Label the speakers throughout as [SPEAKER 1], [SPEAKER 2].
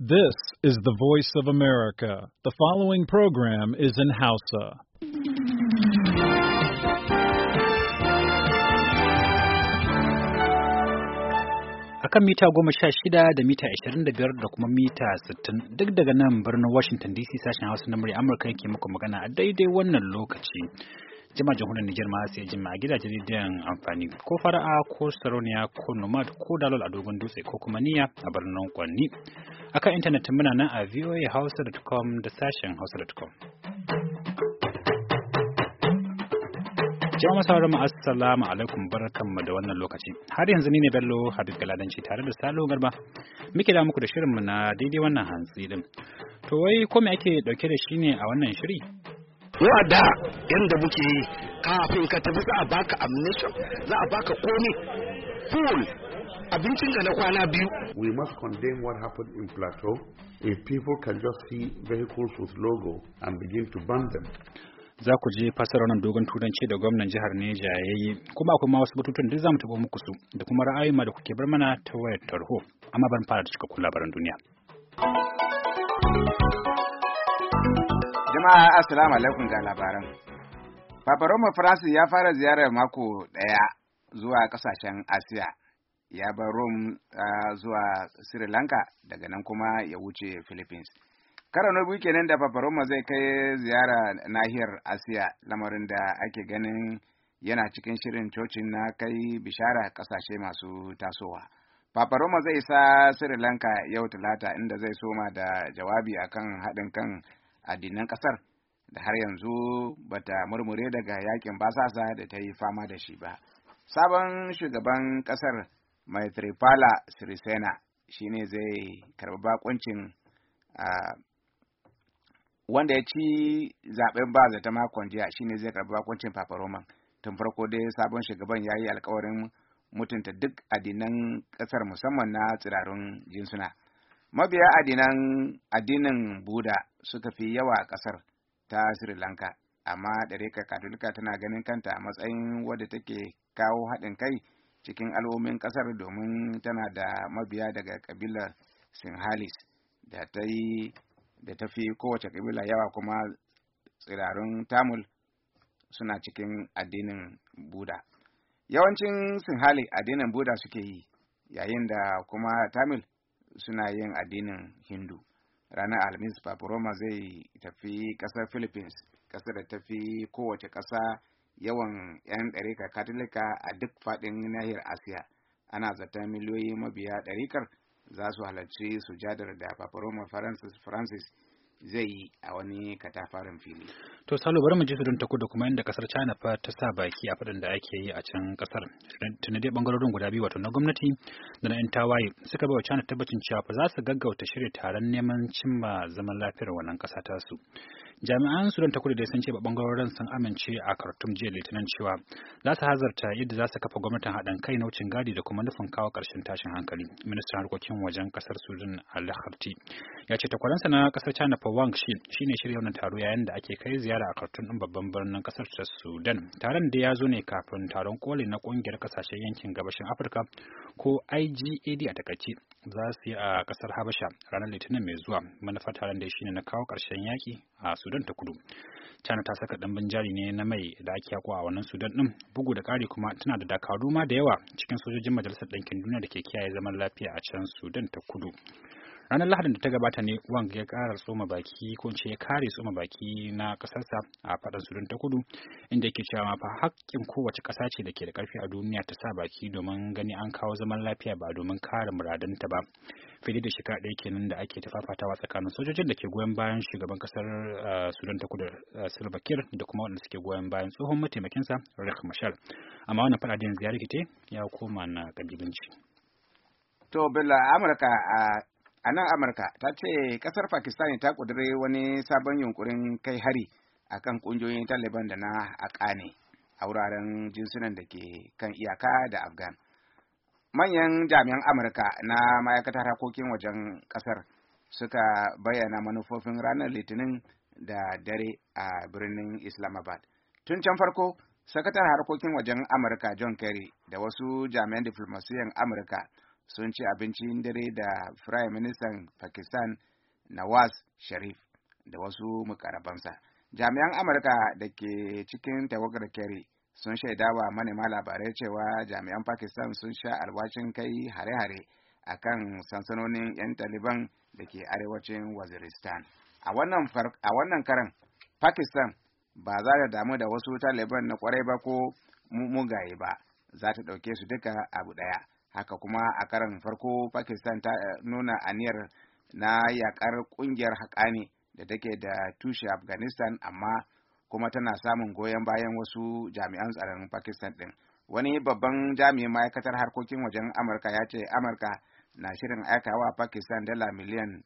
[SPEAKER 1] This is the voice of America. The following program is in Hausa. Akan mita goma sha shida da mita ashirin da biyar da kuma mita sittin duk daga nan birnin Washington DC sashen Hausa na murya Amurka yake muku magana a daidai wannan lokaci. jama'a jamhuriyar Nijar ma sai jima gidajen rediyon amfani ko fara'a ko sarauniya ko nomad ko dalol a dogon dutse ko kuma niya a birnin kwanni akan intanet muna nan a voahouse.com da sashen hausa.com Jama'a sauraron mu assalamu alaikum barkanmu da wannan lokaci. Har yanzu ni ne Bello Habib Galadanci tare da Salo Garba. Muke da muku da shirin mu na daidai wannan hantsi din. To wai ko me ake dauke da shi ne a wannan shiri? mu a da yadda muke yi
[SPEAKER 2] kafin ka tafi za a baka ammunition
[SPEAKER 1] za a baka komi
[SPEAKER 3] full
[SPEAKER 2] abincin ka na kwana biyu
[SPEAKER 4] we must condemn what happened in plateau if people can just see vehicles with logo and begin to ban them
[SPEAKER 1] za ku je fasar wannan dogon turanci da gwamnan jihar Neja ya yi kuma akwai ma wasu batutun duk za mu tabo muku su da kuma ra'ayoyi ma da kuke bar mana ta wayar tarho amma ban fara da cikakkun labaran duniya.
[SPEAKER 5] Jama'a Assalamu alaikum ga labaran. Papa Roma Francis ya fara ziyarar mako ɗaya zuwa ƙasashen Asiya. Ya bar Rome uh, zuwa Sri Lanka daga nan kuma ya wuce Philippines. Karo na biyu kenan da Papa zai kai ziyara nahiyar Asiya lamarin da ake ganin yana cikin shirin cocin na kai bishara ƙasashe masu tasowa. Papa zai sa Sri Lanka yau Talata inda zai soma da jawabi akan haɗin kan addinan ƙasar da har yanzu bata murmure daga yakin basasa da ta yi fama da shi ba. Sabon shugaban ƙasar Maitripala Sirisena shi ne zai karɓi bakuncin wanda ya ci zaɓen ba zata makon jiya shi ne zai karɓi bakuncin Papa Tun farko dai sabon shugaban ya yi alkawarin mutunta duk addinan ƙasar musamman na tsirarun jinsuna. Mabiya addinan addinin Buda suka fi yawa a ƙasar ta Sri Lanka, amma ɗarekar Katolika tana ganin kanta a matsayin wadda take kawo haɗin kai cikin al'ummin ƙasar domin tana da mabiya daga ƙabilar Sinhalis da ta yi da ta fi kowace ƙabila yawa kuma tsirarun Tamil suna cikin addinin Buda. Yawancin Sinhali addinin Buda suke yi, yayin da kuma Tamil suna yin addinin Hindu. ranar alhamis paparoma zai tafi kasar philippines kasar da tafi kowace kasa yawan 'yan ɗarika katolika a duk faɗin nahiyar asiya ana zata miliyoyi mabiya ɗarikar za su halarci sujadar da paparoma francis francis zai yi a wani katafaren fili.
[SPEAKER 1] To Salo bari mu ji don taku da kuma yadda kasar China fa ta sa baki a faɗin da ake yi a can kasar. Tuna dai bangarorin guda biyu wato na gwamnati da na 'yan tawaye suka bai wa China tabbacin cewa fa za su gaggauta shirya taron neman cimma zaman lafiyar wannan ƙasa tasu. su. jami'an sudan ta kudu da sun ce ba bangarorin sun amince a khartoum jiya litinin cewa za su hazarta yadda za su kafa gwamnatin haɗin kai na wucin gadi da kuma nufin kawo ƙarshen tashin hankali ministan harkokin wajen ƙasar sudan ali ya ce takwaransa na ƙasar china pa wang shi shine shirya wannan taro yayin da ake kai ziyara a khartoum ɗin babban birnin ƙasar ta sudan taron da ya zo ne kafin taron koli na ƙungiyar ƙasashen yankin gabashin afirka ko igad a takaice za su yi a ƙasar habasha ranar litinin mai zuwa manufa taron da shine na kawo ƙarshen yaƙi a sudan ta kudu china ta saka ɗanbin jari ne na mai da ake haƙo a wannan sudan ɗin bugu da ƙari kuma tana da dakaru ma da yawa cikin sojojin majalisar ɗinkin duniya da ke kiyaye zaman lafiya a can sudan ta kudu ranar lahadin da ta gabata ne wang ya kara tsoma baki ko ce ya kare tsoma baki na ƙasarsa a faɗin sudan ta kudu inda yake cewa fa haƙƙin kowace ƙasa ce da ke da ƙarfi a duniya ta sa baki domin gani an kawo zaman lafiya ba domin kare muradanta ba fili da shika ɗaya kenan da ake ta fafatawa tsakanin sojojin da ke goyon bayan shugaban kasar ah, sudan ta kudu ah, salva da kuma waɗanda suke goyon bayan tsohon mataimakinsa rick mashal amma wannan faɗaɗen yanzu ya ya
[SPEAKER 5] koma na ƙabilanci. to bella amurka a nan amurka ta ce kasar pakistan ta ƙudiri wani sabon yunkurin kai hari akan ƙungiyoyin taliban da na akane a wuraren jinsunan da ke kan iyaka da afghan manyan jami'an amurka na ma'aikatar harkokin wajen kasar suka bayyana manufofin ranar litinin da dare a birnin islamabad tun can farko sakatar harkokin wajen amurka john kerry da wasu jami'an diflomasiyan amurka sun ci abincin dare da firayim ministan pakistan nawaz sharif da wasu mukarabansa jami'an amurka da ke cikin tawagar kerry sun shaida wa manema labarai cewa jami'an pakistan sun sha alwashin kai hare-hare a kan sansanonin 'yan taliban da ke arewacin waziristan a wannan karan pakistan ba za ta damu da wasu taliban na kwarai ba ko mugaye ba za ta ɗauke su duka abu ɗaya haka kuma a karan farko pakistan ta eh, nuna aniyar na yakar ƙungiyar haƙani da take da tushe afghanistan amma kuma tana samun goyon bayan wasu jami'an tsaron pakistan ɗin wani babban jami'in ma'aikatar harkokin wajen amurka ya ce amurka na shirin aikawa pakistan dala miliyan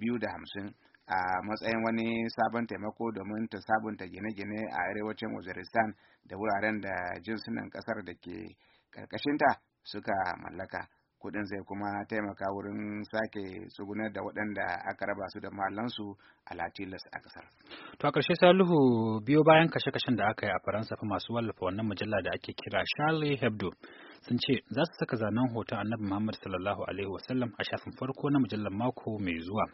[SPEAKER 5] biyu da hamsin a matsayin wani sabon taimako domin ta sabunta gine-gine a arewacin waziristan da wuraren da jinsunan ƙasar da ke karkashinta suka mallaka kuɗin zai kuma taimaka wurin sake tsugunar da waɗanda aka raba su da mahallansu a latilas a ƙasar.
[SPEAKER 1] To a ƙarshe Salihu biyo bayan kashe-kashen da aka yi a Faransa fa masu wallafa wannan mujalla da ake kira Charlie Hebdo sun ce za su saka zanen hoton annabi Muhammad sallallahu alaihi wasallam a shafin farko na mujallar mako mai zuwa.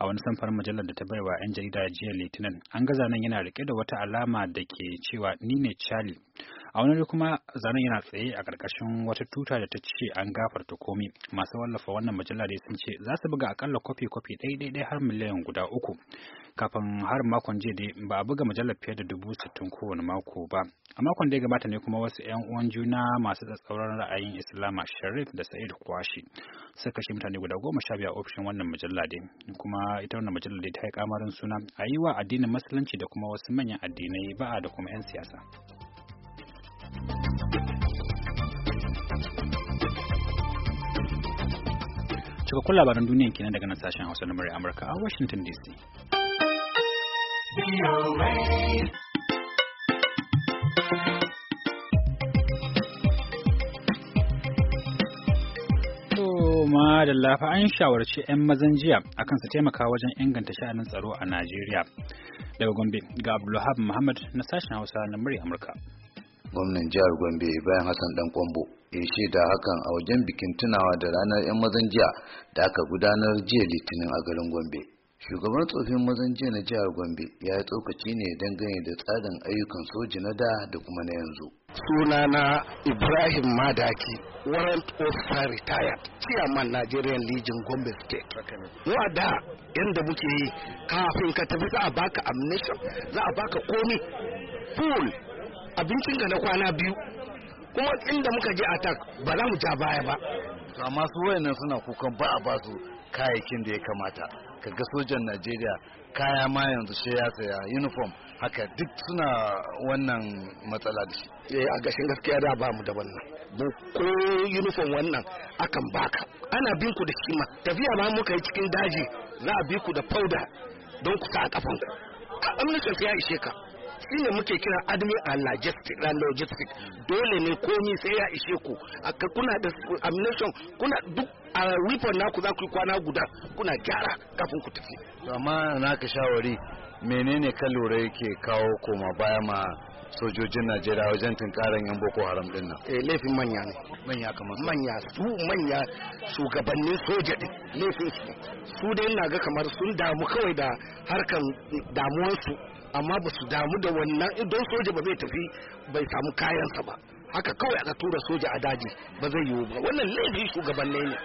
[SPEAKER 1] A wani samfarin mujallar da ta baiwa 'yan jarida jiya Litinin, an ga zanen yana rike da wata alama da ke cewa ni ne Charlie. a wani kuma zanen yana tsaye a ƙarƙashin wata tuta da ta ce an gafarta komi masu wallafa wannan mujallar dai sun ce za su buga akalla kwafi kwafi ɗaya ɗaya har miliyan guda uku kafin har makon jiya da ba a buga mujallar fiye da dubu sittin kowane mako ba a makon da ya gabata ne kuma wasu 'yan uwan juna masu tsatsauran ra'ayin islama sharif da sa'id kwashi suka kashe mutane guda goma sha biyu a ofishin wannan majalla dai kuma ita wannan mujalla dai ta yi kamarin suna a yi wa addinin musulunci da kuma wasu manyan addinai ba'a da kuma 'yan siyasa. cikakkun labaran duniyan kenan daga nan sashen hausa na murya amurka a washington dc ma da lafa an shawarci 'yan mazan jiya akan su taimaka wajen inganta sha'anin tsaro a Najeriya. Daga Gombe ga Abdulhab Muhammad na sashen Hausa na murya Amurka.
[SPEAKER 6] Gwamnan jihar Gombe bayan Hassan Dan Kwambo ya shaida hakan a wajen bikin tunawa da ranar 'yan mazan jiya da aka gudanar jiya Litinin a garin Gombe. shugaban tsofin mazan jiya na jihar gombe ya yi tsokaci ne dangane da tsarin ayyukan soji na da da kuma na yanzu
[SPEAKER 2] sunana ibrahim madaki warrant officer retired chairman nigerian
[SPEAKER 6] legion gombe state
[SPEAKER 2] wa da yadda muke yi kafin ka tafi za a baka ammunition za a baka komi
[SPEAKER 6] full abincin da na kwana biyu
[SPEAKER 2] kuma inda muka je attack
[SPEAKER 6] ba za mu ja baya ba amma su wayannan suna kukan ba a ba su kayayyakin da ya kamata ka ga sojan najeriya kaya ma yanzu sai ya saya uniform haka duk suna wannan matsala da shi eh, a gashin gaskiya da ba mu da wannan mu
[SPEAKER 2] ko uniform wannan akan baka ana bin ku da kima tafiya ma muka yi cikin daji za a bi ku da powder don ku sa a kafan ku sai ya ishe ka shi ne muke kira admin and logistic and logistic dole ne komi sai ya ishe ku ka kuna da ammunition kuna duk a weapon ku za ku yi kwana guda kuna gyara kafin ku tafi
[SPEAKER 6] amma amma naka shawari menene ka lura yake kawo koma baya ma sojojin najeriya wajen tunkarar yan boko haram din nan eh laifin manya ne
[SPEAKER 2] manya kamar manya su manya shugabannin soja din laifin su su dai ina ga kamar sun damu kawai da harkan damuwarsu amma ba su damu da wannan idan soja ba zai tafi bai samu kayansa ba haka kawai aka tura soja a daji
[SPEAKER 6] ba zai yiwu ba wannan laifin shugabanni ne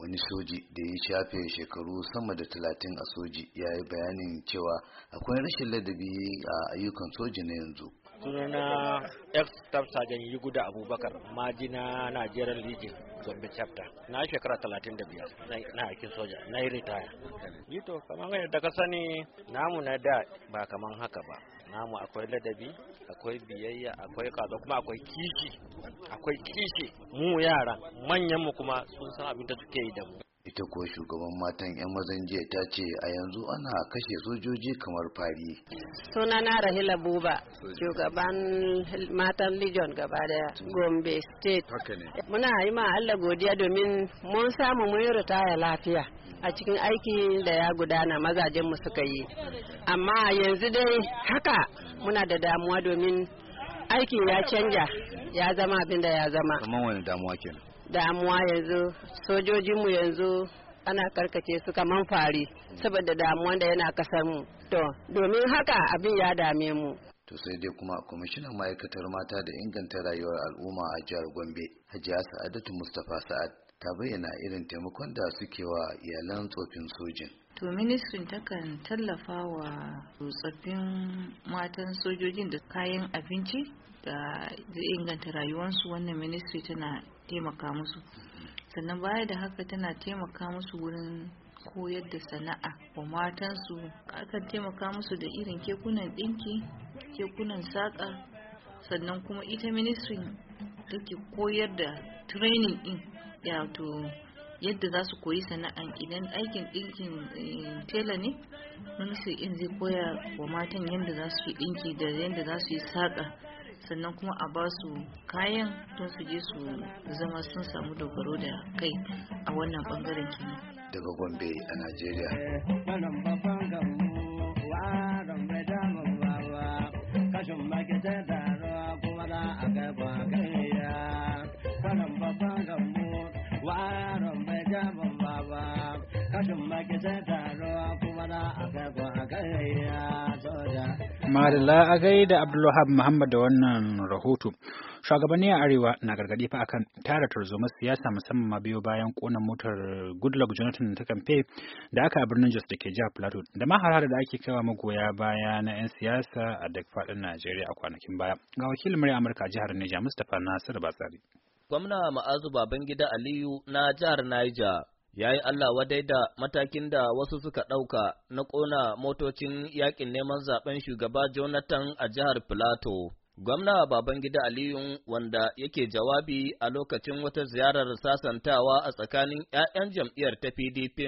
[SPEAKER 6] wani soji da ya shafe shekaru sama da talatin a soji ya yi bayanin cewa akwai rashin ladabi a ayyukan soji na yanzu
[SPEAKER 2] sunana ex staff sergeant yuguda abubakar majina nigerian legion zombie chapter na shekara 35 na aikin soja na yi ritaya jito kamar yadda daga sani namu na da ba kamar haka ba namu akwai ladabi akwai biyayya akwai kaza kuma akwai kishi akwai kishi
[SPEAKER 6] mu yara
[SPEAKER 2] manyan mu kuma sun san abin da suke yi da mu
[SPEAKER 6] ita ko shugaban matan 'yan mazan jiya ta ce a yanzu ana kashe sojoji kamar fari
[SPEAKER 7] sunana rahila buba shugaban matan legion gaba da gombe state muna yi ma allah godiya domin mun samu mun yi ritaya lafiya a cikin aiki da ya gudana mazajenmu suka yi amma yanzu dai haka muna da damuwa domin aiki ya canja ya zama abin da ya zama kamar wani
[SPEAKER 6] damuwa kenan
[SPEAKER 7] damuwa yanzu sojojinmu yanzu ana karkace su kaman fari saboda damuwan da yana kasar mu to domin haka abin ya dame mu
[SPEAKER 6] to sai dai kuma kwamishinan ma'aikatar mata da inganta rayuwar al'umma a jihar gombe hajiya sa'adatu mustapha sa'ad ta bayyana irin taimakon da suke wa iyalan tsofin
[SPEAKER 7] sojin to ministrin takan tallafa wa tsofin matan sojojin da kayan abinci da zai inganta rayuwarsu wannan ministry tana taimaka musu sannan baya da haka tana taimaka musu wurin koyar da sana'a wa matansu akan taimaka musu da irin kekunan ɗinki kekunan saƙa sannan kuma ita ministrin take koyar da training ɗin wato yadda za su koyi sana'a idan aikin ɗinkin eh, tela ne ministry ɗin zai koya wa matan yadda za su yi ɗinki da yadda za su yi saƙa sannan kuma a ba su kayan don su je su zama sun samu dogaro da kai a wannan bangaren kenan
[SPEAKER 6] daga gombe a najeriya eh,
[SPEAKER 2] kashin
[SPEAKER 1] Madalla a gaida abdulwahab Muhammad da wannan rahoto. Shugabanni a Arewa na gargaɗi fa akan tara tarzoma siyasa musamman ma biyo bayan ƙona motar Goodluck Jonathan ta kamfe da aka a birnin Jos da ke jihar Plateau da ma har da ake kaiwa magoya baya na 'yan siyasa a duk faɗin Najeriya a kwanakin baya. Ga wakilin murya Amurka a jihar Niger Mustapha Nasir Batsari.
[SPEAKER 8] Gwamna Ma'azu Babangida Aliyu na jihar Niger ya yi Allah wadai da matakin da wasu suka ɗauka na ƙona motocin yaƙin neman zaɓen shugaba Jonathan a jihar Filato. Gwamna Babangida Aliyu wanda yake jawabi a lokacin wata ziyarar sasantawa a tsakanin 'ya'yan jam'iyyar ta PDP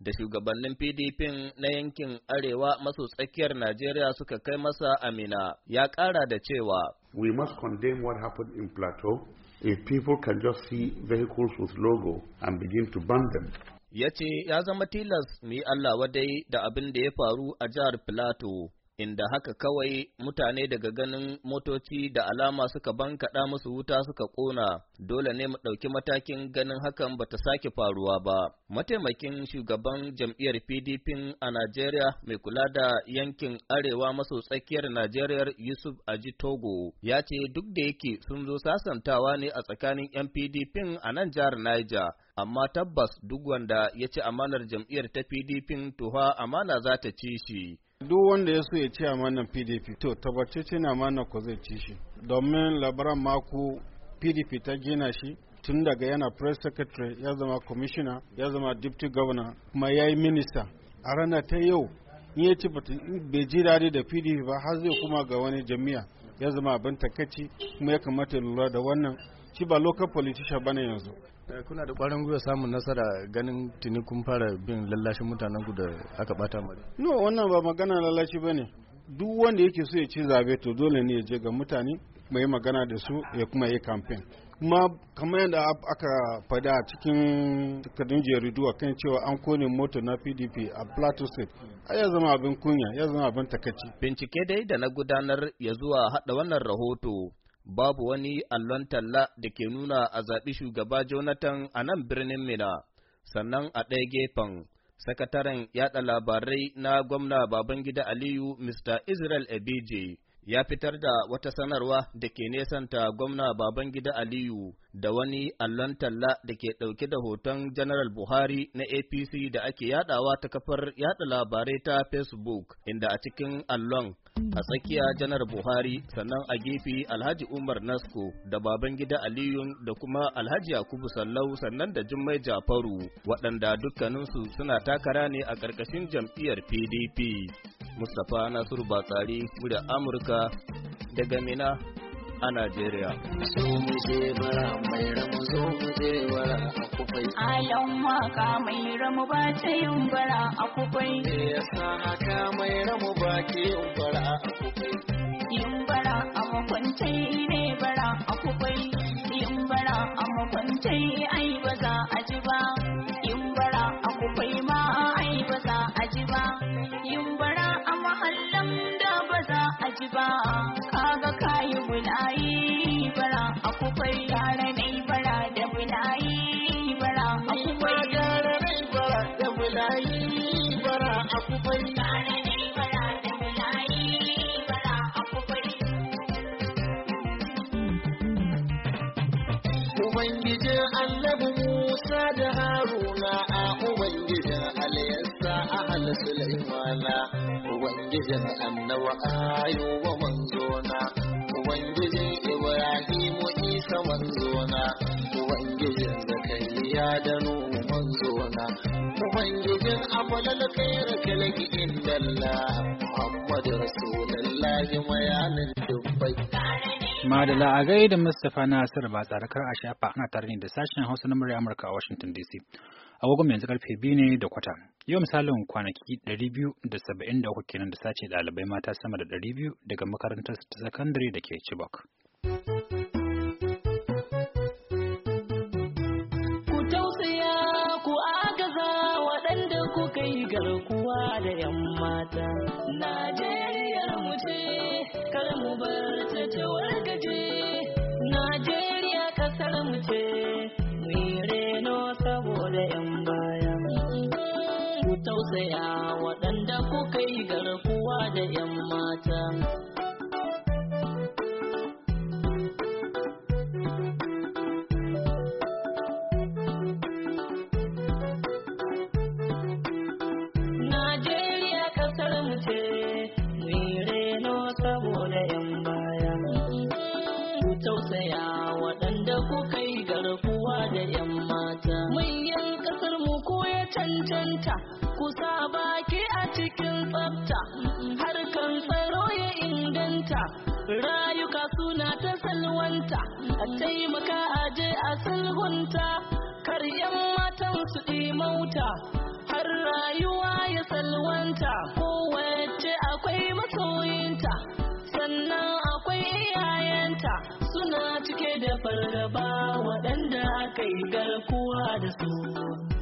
[SPEAKER 8] da shugabannin PDP na yankin Arewa maso tsakiyar Najeriya suka kai masa amina ya ƙara da cewa.
[SPEAKER 4] We must condemn what happened in Plateau if people can just see vehicles with logo and begin to ban them.
[SPEAKER 8] Ya ce ya zama tilas mu yi Allah wadai da abin da ya faru a jihar Filato inda haka kawai mutane daga ganin motoci da alama suka bankaɗa musu wuta suka ƙona, dole ne mu ɗauki matakin ganin hakan ba ta sake faruwa ba. Mataimakin shugaban jam'iyyar PDP a Najeriya mai kula da yankin arewa maso tsakiyar Najeriya Yusuf Aji Togo ya ce duk da yake sun zo sasantawa ne a tsakanin 'yan PDP a nan jihar Niger. amma tabbas duk wanda ya ci amanar jam'iyyar ta PDP tuha amana za ta ci shi
[SPEAKER 1] duk wanda ya so ya ci amanan pdp to tabbatacce na mana ko zai ci shi domin labaran mako pdp ta gina shi tun daga yana press secretary ya zama commissioner ya zama deputy governor kuma ya yi minista a ranar ta yau in ya ci bai ji daɗi da pdp ba har zai kuma ga wani jami'a ya zama abin takaici kuma ya kamata lura da wannan shi ba local politician bane yanzu
[SPEAKER 8] eh, kuna da kwarin gwiwa samun nasara ganin tuni kun fara bin lallashin mutanen ku da aka bata mari
[SPEAKER 1] no wannan ba magana lallashi bane duk wanda yake so ya ci zabe to dole ne ya je ga mutane mai magana da su ya kuma yi campaign kuma kamar yadda aka fada a cikin takardun jaridu a kan cewa an kone mota na pdp a plateau state a ya zama abin kunya ya zama abin takaci bincike dai da na gudanar
[SPEAKER 8] ya zuwa hada wannan rahoto babu wani allon talla da ke nuna a zaɓi shugaba Jonathan a nan birnin Mina, sannan a ɗaya gefen sakataren yaɗa labarai na gwamna Babangida Aliyu Mr. Israel Ebije ya fitar da wata sanarwa da ke nesanta gwamna Babangida Aliyu da wani allon talla da ke ɗauke da hoton General Buhari na APC da ake yaɗawa ta kafar yaɗa labarai ta Facebook, inda a cikin allon a tsakiya janar buhari sannan a gefe alhaji umar nasko da babangida aliyun da kuma alhaji yakubu sallau sannan da jummai jafaru waɗanda dukkaninsu suna takara ne a ƙarƙashin jam'iyyar pdp mustapha nasiru batsari murya amurka daga mina a Najeriya.
[SPEAKER 7] Alan waka mai ramu ba ta yin bara a kufai. Me yasa haka mai ramu ba ke yin bara a kufai. Ubangijin
[SPEAKER 3] annabi Musa
[SPEAKER 7] da Haruna a Ubangijin Aliyassa a Halisulai mana, Ubangijin ayo wa manzo. حمل الخير كلك إن الله محمد رسول الله
[SPEAKER 1] Madala a gaida Mustapha Nasir ba tsarakar a shafa ana tare da sashen Hausa na murya Amurka a Washington DC. Agogon yanzu karfe biyu ne da kwata. Yau misalin kwanaki 273 kenan da sace ɗalibai mata sama da biyu daga makarantar sakandare da ke Chibok.
[SPEAKER 7] garkuwa da 'yan mata. Najeriya mu ce, kar mu bar ta ta wargaje. Najeriya kasar mu ce. cancanta kusa baki a cikin tsafta harkan tsaro ya inganta rayuka suna ta salwanta a taimaka aje a sulhunta kar matan su mauta har rayuwa ya salwanta kowace akwai masoyinta sannan akwai iyayenta suna cike da fargaba waɗanda aka yi garkuwa da su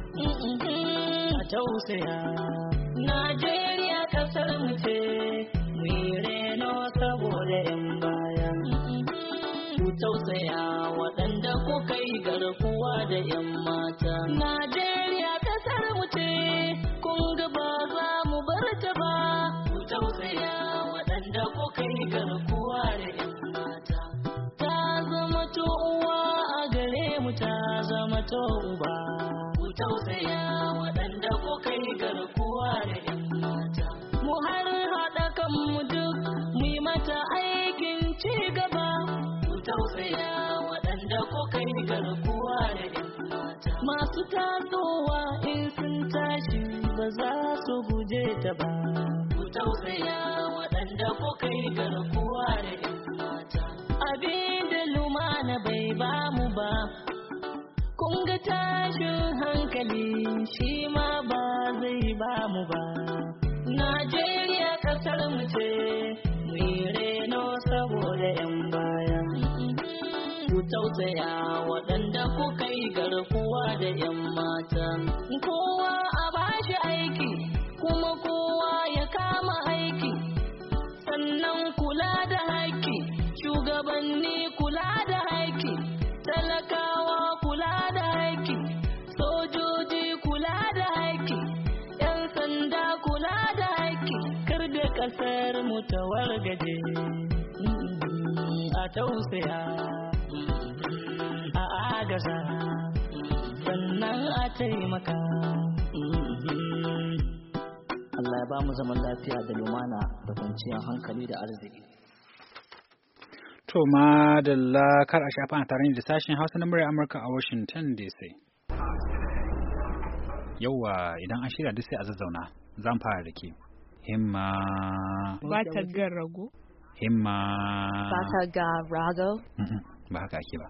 [SPEAKER 7] tausaya Najeriya kasar mu ce mu yi reno saboda yan baya ku tausaya waɗanda ku kai garkuwa da yan mata Najeriya kasar mu ce kun ga ba za mu bar ta ba ku tausaya waɗanda ku kai garkuwa da yan mata ta zama to uwa a gare mu ta zama to uba tasowa in sun tashi ba za su guje ta ba. Ku tausaya waɗanda kuka yi garkuwa da ‘yan mata. Abin da lumana bai ba mu ba, kun ga tashin hankali shi ma ba zai ba mu ba. Najeriya ƙasar mu ce. tausaya waɗanda kuka yi garkuwa da 'yan mata. Kowa a bashi aiki, kuma kowa ya kama aiki, sannan kula da haki, shugabanni kula da haki, talakawa kula da haki, sojoji kula da haki, 'yan sanda kula da haki, kar da ƙasar mu ta wargaje. Mm, mm, mm, a tausaya. gaza sannan a taimaka
[SPEAKER 1] Allah ya ba mu zaman lafiya da lumana da kwanciyar hankali da arziki to ma da lakar a shafa a tarihin da sashen hausa na murya amurka a washington dc yauwa idan an shirya duk sai a zazzauna zan fara da ke himma ba ta ga rago himma ba ta
[SPEAKER 7] ga rago ba haka ake ba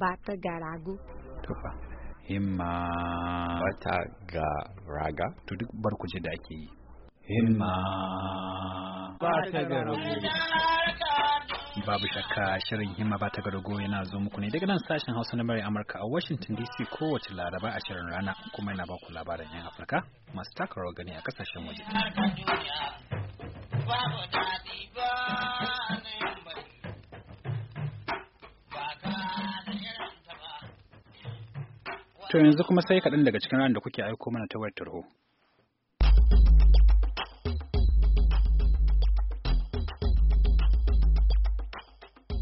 [SPEAKER 7] bata garagu
[SPEAKER 1] tufa himma bata garaga to duk barkuce da ake yi himma bata garagu babu shakka shirin himma ba ta garago yana zo muku ne daga nan sashen hausa na murya amurka a washington dc kowace laraba a shirin rana kuma yana baku labaran yan afirka masu taka rawar gani a kasashen waje To yanzu kuma sai kaɗan daga cikin ran da kuke aiko mana ta wayar tarho.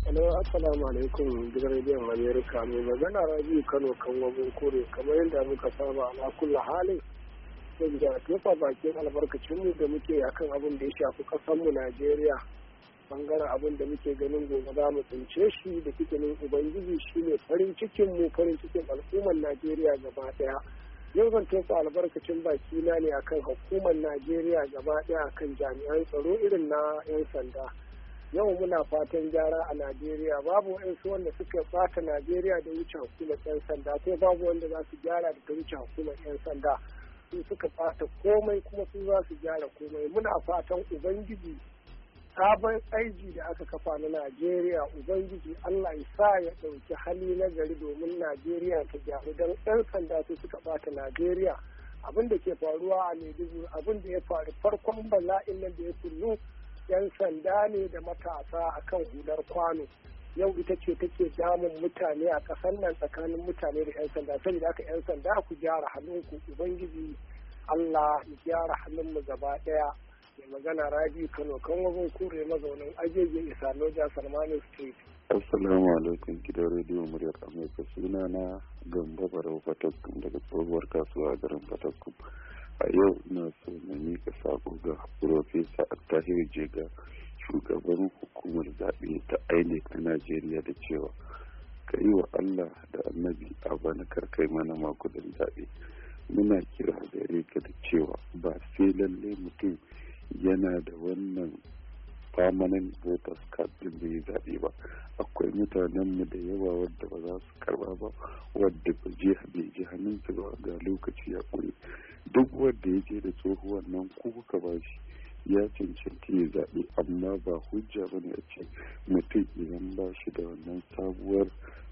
[SPEAKER 9] Hello, Assalamu alaikum gidan rediyon Amerika mai magana Rabiu Kano kan wabin kore kamar yadda muka saba a kulla halin da tofa bakin albarkacinmu da muke akan abin da ya shafi ƙasarmu mu Najeriya. bangaren abin da muke ganin gobe za mu tsince shi da fitinin ubangiji ne farin cikin mu farin cikin al'ummar najeriya gaba daya yau zan tofa albarkacin baki na ne akan hukumar najeriya gaba daya akan jami'an tsaro irin na yan sanda yau muna fatan gyara a najeriya babu waɗansu wanda suka bata najeriya da wuce hukumar yan sanda ko babu wanda za su gyara da wuce hukumar yan sanda su suka bata komai kuma su za su gyara komai muna fatan ubangiji sabon aiki da aka kafa na najeriya ubangiji allah ya sa ya ɗauki hali na gari domin najeriya ta gyaru don 'yan sanda su suka bata najeriya abin da ke faruwa a maiduguri abin da ya faru farkon bala'in nan da ya kullu 'yan sanda ne da matasa a kan hular kwano yau ita ce take damun mutane a ƙasar nan tsakanin mutane da 'yan sanda sai da aka 'yan sanda ku gyara halinku ubangiji allah ya gyara halin mu gaba ɗaya mai magana rabi kano kan wajen kure mazaunin ajeje isa loja salmanin street
[SPEAKER 4] assalamu alaikum gidan rediyo muryar amurka suna na gamba barau fatakum daga tsohuwar kasuwa a garin fatakum a yau na so na mika sako ga profesa attahir jega shugaban hukumar zaɓe ta inec a najeriya da cewa ka yi wa allah da annabi a bana karkai mana makudin zaɓe muna kira gare ka da cewa ba sai lalle mutum yana da wannan permanent voters card din bai zaɓe ba akwai mutanenmu da yawa wadda ba za su karba ba wadda ba je bai ji hannunsu ba ga lokaci ya ƙure duk wadda ya je da tsohuwan nan ko kuka ba shi ya cancanci ya zaɓe amma ba hujja ba ne a ce mutum idan ba shi da wannan sabuwar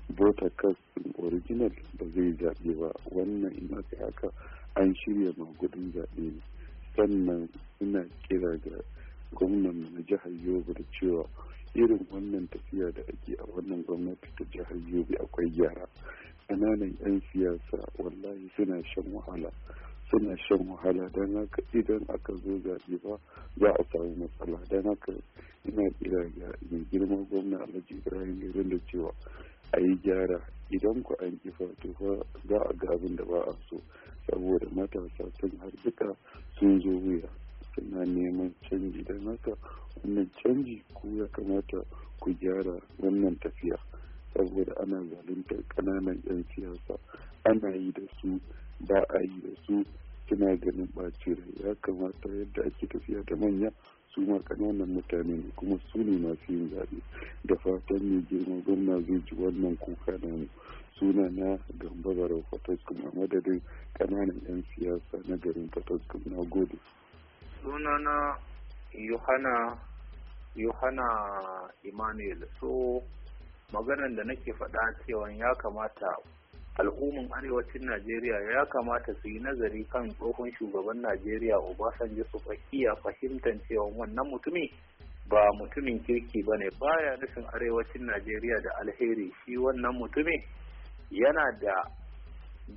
[SPEAKER 4] voter card original ba zai zaɓe ba wannan in aka haka an shirya magudin zaɓe ne sannan ina kira ga gwamnan na jihar yobe da cewa irin wannan tafiya da ake a wannan gwamnati ta jihar yobe akwai gyara ƙananan 'yan siyasa wallahi suna shan wahala suna shan wahala don haka idan aka zo zaɓe ba za a samu matsala don haka ina kira ga mai girma gwamna alhaji ibrahim irin da cewa a yi gyara idan ku an ki kifa to za a ga da ba a so saboda matasa sun harbuka sun zo wuya suna neman canji da haka wannan canji ko ya kamata ku gyara wannan tafiya saboda ana zaluntar ƙananan 'yan siyasa ana yi da su ba a yi da su suna ganin ɓaci rai ya kamata yadda ake tafiya da manya su ma ƙananan mutane ne kuma su ne masu yin zaɓe da fatan mai girma gwamna zai ji wannan kuka na mu suna na gamba barau fataskum a madadin ƙananan 'yan siyasa na garin fataskum na gode
[SPEAKER 9] sunana yohana yohana emmanuel so maganan da nake faɗa cewa ya kamata al'umman arewacin najeriya ya kamata su yi nazari kan tsohon shugaban najeriya obasanjo su iya fahimtar cewa wannan mutumi ba mutumin kirki ba ne baya nufin arewacin najeriya da alheri shi wannan mutumin yana da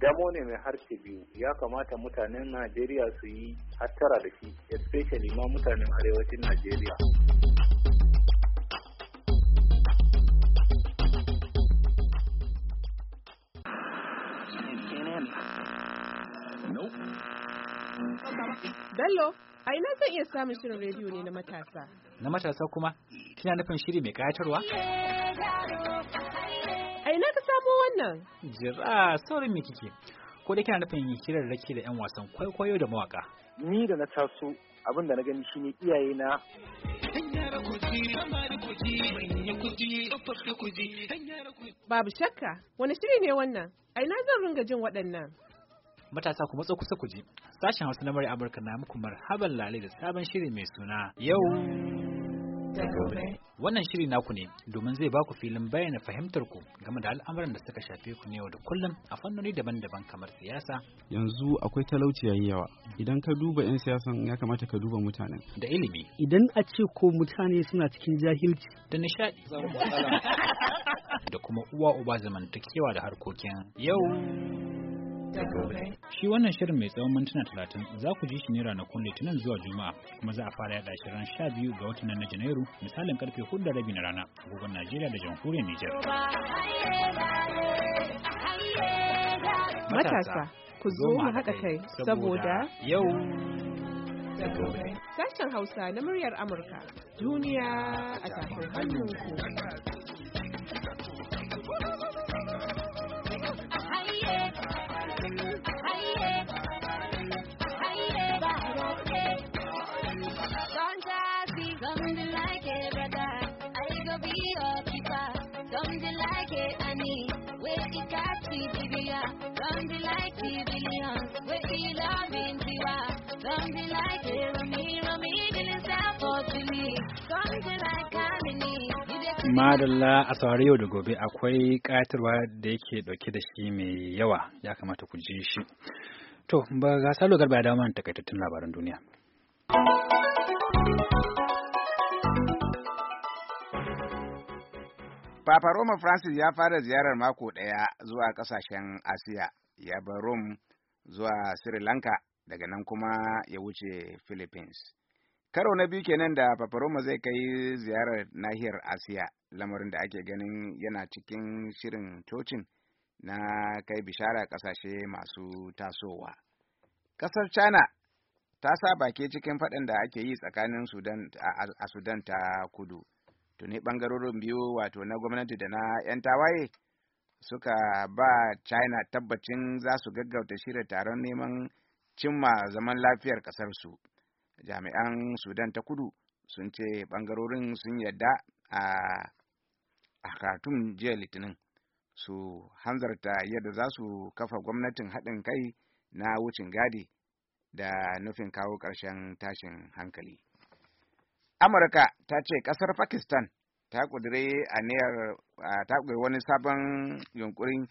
[SPEAKER 9] damo ne mai harshe biyu ya kamata mutanen najeriya su yi hattara da shi especially ma mutanen arewacin najeriya
[SPEAKER 7] Bello, a ina zan iya samun shirin rediyo ne na matasa.
[SPEAKER 1] Na matasa kuma, kina nufin shiri mai ƙayatarwa? wannan? Jira, saurin me kike? Ko da kina nufin hirar rake da 'yan wasan kwaikwayo da mawaka? Ni da na taso abin da na gani shine iyaye na
[SPEAKER 7] Babu shakka, wani shiri ne wannan?
[SPEAKER 2] A ina zan ringa jin waɗannan?
[SPEAKER 1] Matasa kuma tso kusa ku ji. Sashen Hausa na Amurka na muku marhaban lalai da sabon shiri mai suna yau. Wannan shiri naku ne domin zai baku filin bayyana fahimtar ku game da al'amuran da suka shafe ku ne yau da kullum a fannoni daban-daban kamar siyasa. Yanzu akwai talauci yayi yawa. Idan ka duba 'yan siyasan ya kamata ka duba mutanen. Da ilimi. Idan a ce ko mutane suna cikin jahilci. Da nishaɗi. da kuma uwa uba zamantakewa da harkokin yau Shi wannan shirin mai tsawon mintuna talatin za ku ji shi ne ranakun Litinin zuwa Juma'a kuma za a fara yada shi sha biyu ga watan na Janairu misalin karfe hudu da rabi na rana agogon Najeriya da jamhuriyar Nijar.
[SPEAKER 7] Matasa, ku zo mu haɗa kai saboda yau Sashen Hausa na muryar Amurka, duniya a tafin
[SPEAKER 3] hannunku.
[SPEAKER 1] Madalla a saurari yau da gobe akwai ƙayatarwa da yake ɗauke da shi mai yawa ya kamata ku ji shi. To, ba ga salo garba da mana takaitattun labaran duniya.
[SPEAKER 5] Papa Roma Francis ya fara ziyarar mako ɗaya zuwa ƙasashen Asiya, ya bar Rome zuwa Sri Lanka daga nan kuma ya wuce Philippines. Karo na biyu kenan da Papa Roma zai kai ziyarar nahiyar Asiya, lamarin da ake ganin yana cikin shirin cocin na kai bishara ƙasashe masu tasowa. Ƙasar China ta sa bake cikin faɗin da ake yi tsakanin a Sudan ta kudu. tuni ɓangarorin biyu wato na gwamnati da na 'yan tawaye suka ba china tabbacin za su gaggauta shirya taron neman cimma zaman lafiyar ƙasarsu jami'an sudan ta kudu sun ce ɓangarorin sun yadda a khartoum jiya litinin su hanzarta yadda za su kafa gwamnatin haɗin kai na wucin gadi da nufin kawo ƙarshen tashin hankali. Amurka ta ce ƙasar Pakistan ta a niyar ta wani sabon yunkurin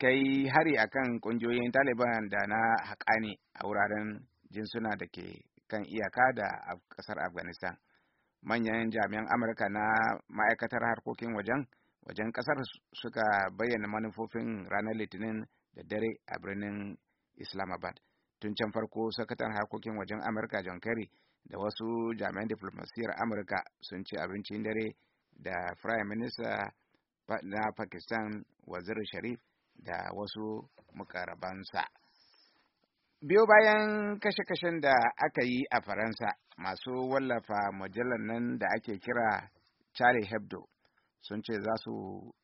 [SPEAKER 5] kai hari akan ƙungiyoyin Taliban da na haƙani a wuraren jinsuna da ke kan iyaka da ƙasar Afghanistan. Manyan jami'an Amurka na ma'aikatar harkokin wajen wajen ƙasar suka bayyana manufofin ranar Litinin da dare a birnin Islamabad. Tun can farko sakataren harkokin wajen Amurka John Kerry da wasu jami'an diflomasiyyar amurka sun ci abincin dare da prime minister na pakistan wazir sharif da wasu mukarabansa biyo bayan kashe-kashen da aka yi a faransa masu wallafa mujallar nan da ake kira charlie hebdo sun ce za su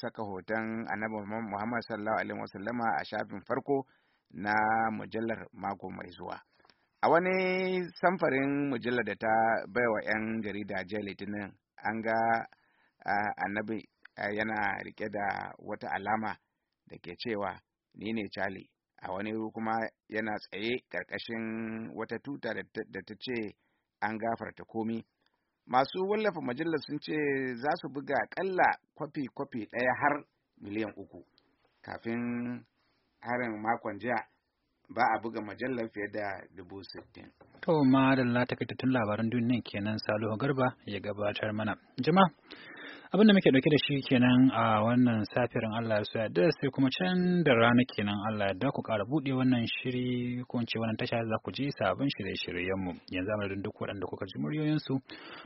[SPEAKER 5] saka hoton annabi muhammad sallallahu alaihi wasallama a shafin farko na mujallar mako mai zuwa A wani samfarin mujallar da ta baiwa 'yan jarida jiya Litinin an ga annabi yana rike da wata alama da ke cewa ni ne Charlie, a wani kuma yana tsaye ƙarƙashin wata tuta da ta ce an gafarta komi. Masu wallafa mujallar sun ce za su buga ƙalla kwafi-kwafi ɗaya har miliyan uku kafin harin makon jiya. ba a buga mujallar fiye da dubu sittin.
[SPEAKER 1] To ma da takaitattun labaran duniya kenan Salihu Garba ya gabatar mana. Jama'a abin da muke dauke da shi kenan a wannan safirin Allah ya soya da sai kuma can da rana kenan Allah ya ku ƙara buɗe wannan shiri ko ce wannan tasha za ku ji sabon shirye-shiryenmu yanzu madadin duk waɗanda kuka ji muryoyinsu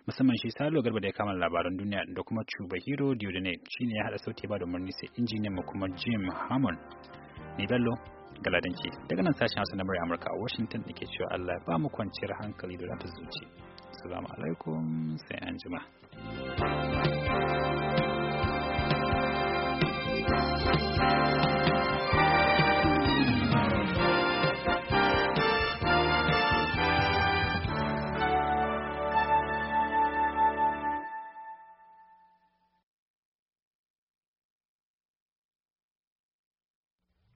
[SPEAKER 1] musamman shi Salihu Garba da ya kama labaran duniya da kuma Cuba Hero shi ne ya haɗa sauti ba da murni sai injiniyan mu kuma Jim Hammond Ni Bello Galadanci daga nan sashen Hausa na murya Amurka a Washington da ke cewa Allah ba mu kwanciyar hankali da ta zuci. Assalamu alaikum sai an jima.